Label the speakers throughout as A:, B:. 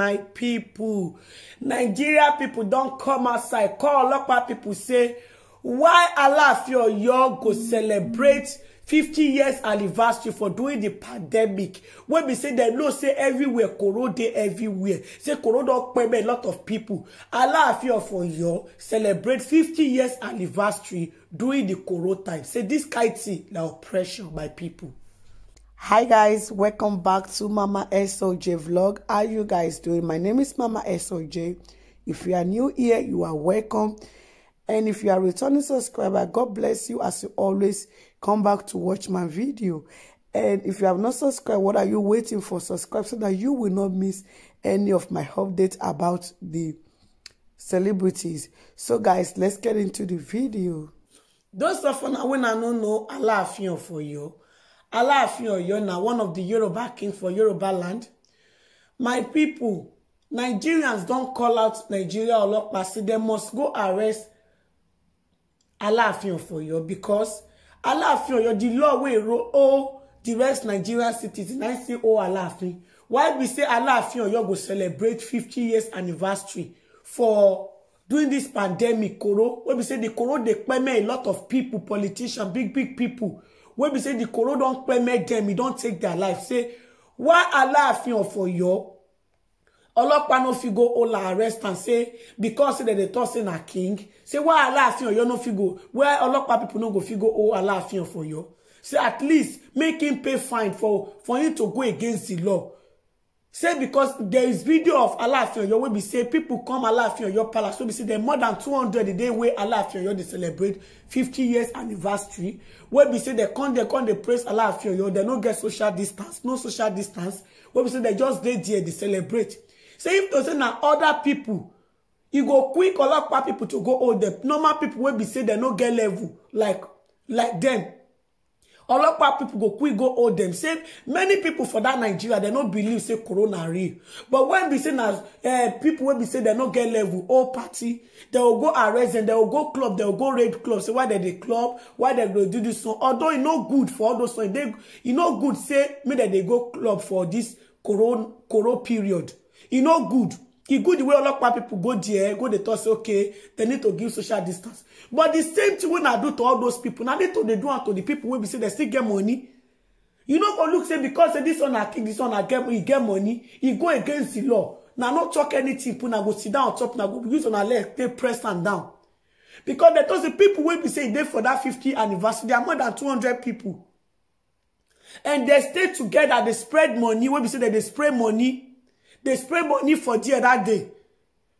A: my people, nigeria people, don come outside call olopa people. say why alaafin oyo go celebrate 50 years anniversary for during the pandemic wey be say dem know say everywhere koro dey everywhere say koro don a lot of pipo alaafin of oyo celebrate 50 years anniversary during the koro time say this kain tin na oppression my people hi guys welcome back to mama soj vlog how you guys doing my name is mama soj if you are new here you are welcome and if you are returning subscriber god bless you as you always come back to watch my video and if you have not subscribed what are you waiting for subscribe so that you will not miss any of my updates about the celebrities so guys let's get into the video those of you when i don't know Aláàfin for you. Aláàfin Ọ̀yọ́ na one of the Yoruba king for Yoruba land. My people, Nigerians don call out Nigeria Ọlọ́pàá say They must go arrest Aláàfin of Ọ̀yọ́ because Aláàfin Ọ̀yọ́ the law wey rule all the rest Nigerian cities na say o Aláàfin. Why we say Aláàfin Ọ̀yọ́ go celebrate 50 years anniversary for during this pandemic koro wey we say the koro they peme a lot of people politicians big big people When we say the koro don permit dem e don take their life say why Allah alaafin of oyo ọlọ́pàá no fit go all arrest and say because say dem dey talk say na king say why alaafin oyo no fit go where ọlọ́pàá people no go fit go o oh, alaafin for you? say at least make him pay fine for for him to go against the law say because there is video of alaafin oyo wey be say people come alaafin oyo palace we be say dem more than 200 the day wey alaafin oyo they celebrate 50 years anniversary We be say they come they come they praise alaafin oyo they no get social distance no social distance We be say they just dey there They celebrate say if to say na other people, you e go quick a lot of people to go hold dem normal people, wey be say they no get level like like them. A lot of people go quick go hold them say many people for that nigeria they no believe say corona real but when be say na eh, people wey be say they no get level all party they will go arrest dem they will go club they will go raid club say why they the club why they go do this? one although e no good for all those ones e, e no good say me that they go club for dis corona period e no good e good the way all olopa people go there go dey talk say okay they need to give social distance but the same thing wey na do to all those people Now they to they do am to the people When we say they still get money you know for look say because say this one I king this one I get e get money He go against the law Now not talk anything put na go sit down on top na go use una leg they press and down because they talk the people wey be say they for that 50 anniversary there are more than 200 people and they stay together they spread money When we say they dey spray money they spray money for there that day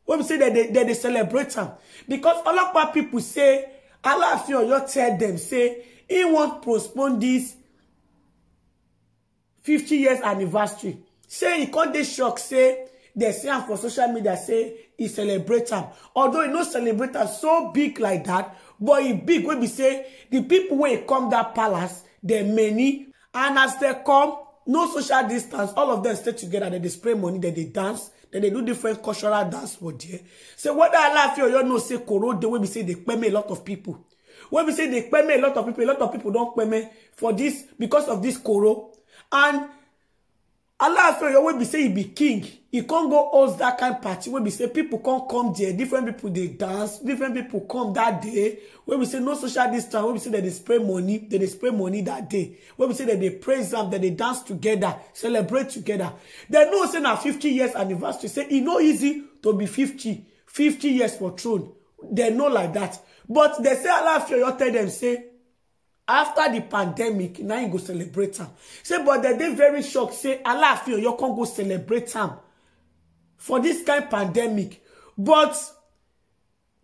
A: When we say dem they they dey celebrate am because a lot of people say Aláàfin Ọ̀yọ́ tell them say he won't postpone this 50 years anniversary say he called this shock say they say for social media say he celebrate am although he no celebrate am so big like that, but he big When we say di pipo wey come that palace dem many and as they come no social distance all of them stay together dem dey spray money dem dey dance dem dey do different cultural dance for there so whether alaafin you know say koro dey wey be say dey peme a lot of people When we say they dey me a lot of people a lot of people don't don me for this because of this coro and Allah Oyo wey be say he be king, he can't go host that kind party When we say people can't come there, different people they dance, different people come that day, When we say no social distance, when we say dem dey spray money, dem dey spray money that day, When we say that they praise them, that they dance together, celebrate together. They know say now 50 years anniversary, say e no easy to be 50, 50 years for throne. They know like that. But they say Allah, Alaafin Oyo tell them, say after the pandemic now im go celebrate am say but dem dey very shocked say alaafin oyo con go celebrate am for this kind pandemic but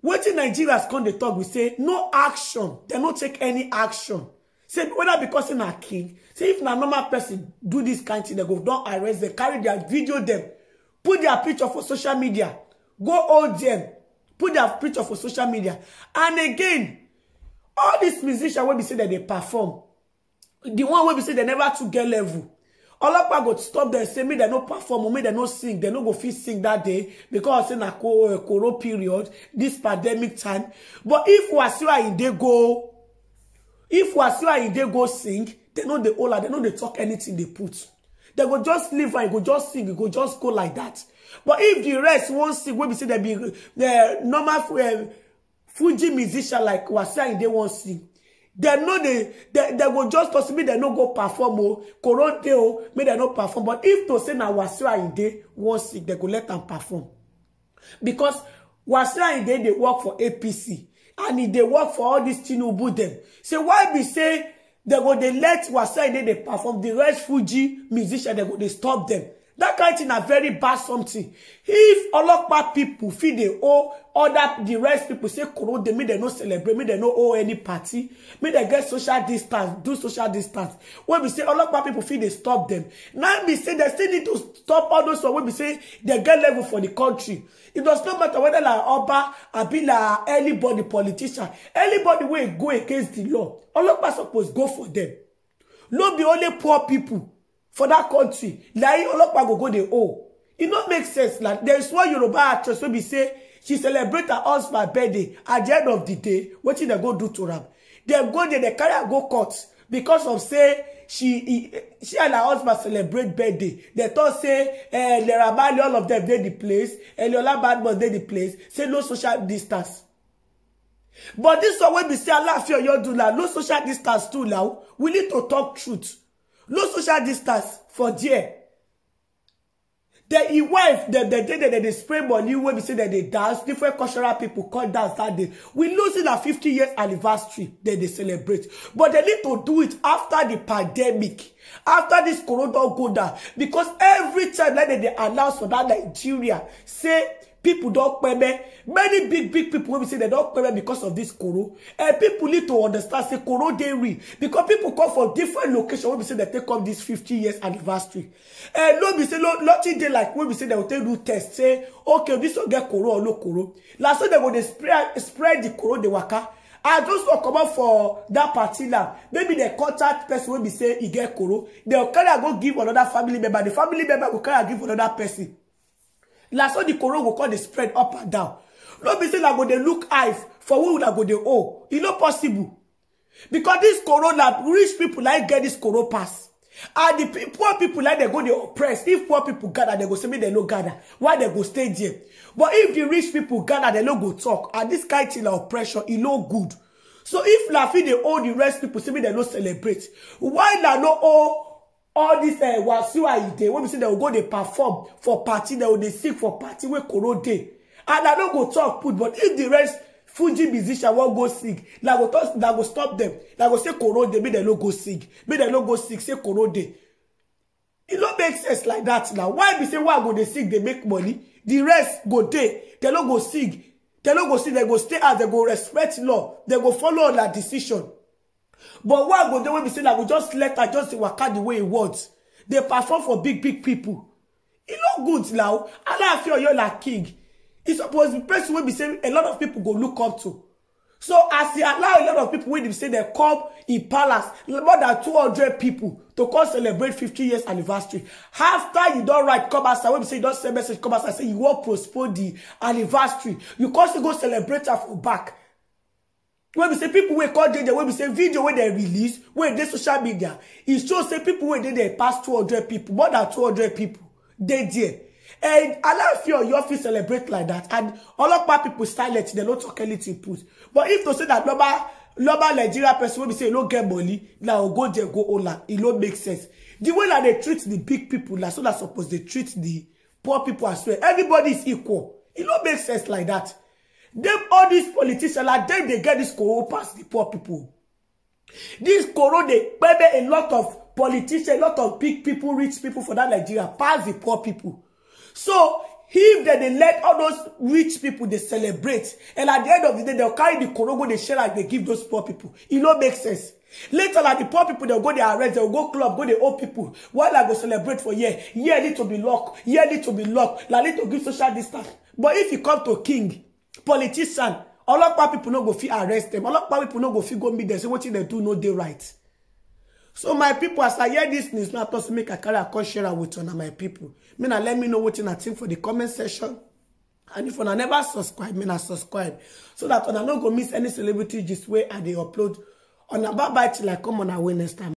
A: wetin nigerians come dey talk? we say no action dem no take any action say whether because say na king say if na normal person do this kind thing dem go don arrest dem carry their video dem put their picture for social media go hold dem put their picture for social media and again all these musicians wey be say that they perform the one wey be say they never too get level all of them go stop dem say me they no perform me they no sing they no go fit sing that day becos say na eh, coro period this pandemic time but if we are still in dey go if we are still in dey go sing they know the older, they know no talk anything they put they go just live, her go just sing e go just go like that. but if the rest wan sing wey be say they be eh, normal eh, fuji musician like wasi ayinde wan see know they they they will just possibly they no go perform o oh. corona dey o oh, they dem no perform but if to say na wasi they won't see They go let them perform because wasi they they work for apc and e dey work for all these tinubu them. So why be say they go they let wasi they they perform The rest fuji musician they go dey stop them that kind of thing na very bad something if a lot olopa pipo fit dey owe other the rest people say koro dey make dem no celebrate make dem no owe any party make dem get social distance do social distance When we say a lot olopa people feel they stop them, now we say they still need to stop all those When we say they get level for the country it does not matter whether na oba be na anybody politician anybody will go against the law A lot olopa suppose go for them, not be only poor people for that country like olokpa go the owe oh. it no make sense like there is one yoruba actress wey be say she celebrate her husband's birthday at the end of the day wetin dem go do to am They go there dem carry her go court because of say she she and her husband celebrate birthday They thought say eh naira all of them dey di place eliola badmus dey di place say no social distance but this one wey be say alaafin you do now no social distance too now we need to talk truth no social distance for there the e wife dem dey dey dem dey spray money wey be say dem dey dance different cultural people come dance that day we losing a na 50 years anniversary that they celebrate but they need to do it after the pandemic after this corona go down becos every time that they announce for dat nigeria say people don't peme many big big people wey be say they don't peme because of this koro and eh, people need to understand say koro dey real because people come from different location wey be say they take up this 50 years anniversary and eh, no be say nothing dey like wey be say they will take do test say okay this one get koro or no koro Last time they go spread spread the koro dey waka i just don comot for that party now maybe dem contact person wey be say e get they will carry go give another family member the family member go carry give another person na so the corona go come dey spread up and down no be say na go dey look eye for who na go dey owe e no possible because this corona rich people like get this corona pass and di poor people like dem go dey oppress if poor people gather dem go say make dem no gather Why dem go stay there but if the rich people gather dem no go talk and this kind thing na oppression e no good so if na fit dey owe di rest pipo say make dem no celebrate why na no owe all dis uh, eh, wasu ayide wey be say dem go dey perform for party dem go dey sing for party wey koro dey and i no go talk put but if the rest fuji musician wan go sing na go talk na go stop dem na go say koro dey make dem no go sing make dem no go sing say koro dey e no make sense like that now why be say one go dey sing dey make money the rest go dey dem no go sing dem no go sing dem go stay out dem go respect law dem go follow una decision but why go dey be saying, na we just let her just out the way it was. They perform for big big people. e no good now I alaafin oyo like king It's supposed to be person will be saying a lot of people go look up to so as e allow a lot of people wey be say they come im palace more than 200 people to come celebrate 50 years anniversary after you don't write come outside wey be say you don send message come I say you wan postpone the anniversary you come still go celebrate am for back wey be say pipo wey call jeje wey be say video wey dem release wey e dey social media e show say pipo wey dey there pass 200 pipo more than 200 pipo dey there and alaafin oyo fit celebrate like that and olopa pipo silent dem no talk anything put but if to say that loba loba nigeria person wey be say e no get money na ogoje go ola e no make sense the way na dey treat the big people na so na suppose dey treat the poor people as well everybody is equal e no make sense like that dem all these politicians na dem dey get this koro past the poor people. This koro they pebe a lot of politicians a lot of big people, rich people for that nigeria past the poor people. so if dem they let all those rich people they celebrate and at the end of di day dem carry the koro they share like they give those poor people. It e no make sense later like the poor people dem go they arrest dem go club go the old people while i go celebrate for year year need to be lock year need to be lock na need give social distance but if you come to king politician ọlọ́pàá people no go fit arrest dem ọlọ́pàá people no go fit go meet dem say wetin they do no dey right so my people, as i hear this news na tok say make i carry i share am with una my people. Me na let me know wetin i think for the comment section and if una never subscribe me na subscribe so dat una no go miss any celebrity gist wey i dey upload una bye bye till i come on our next time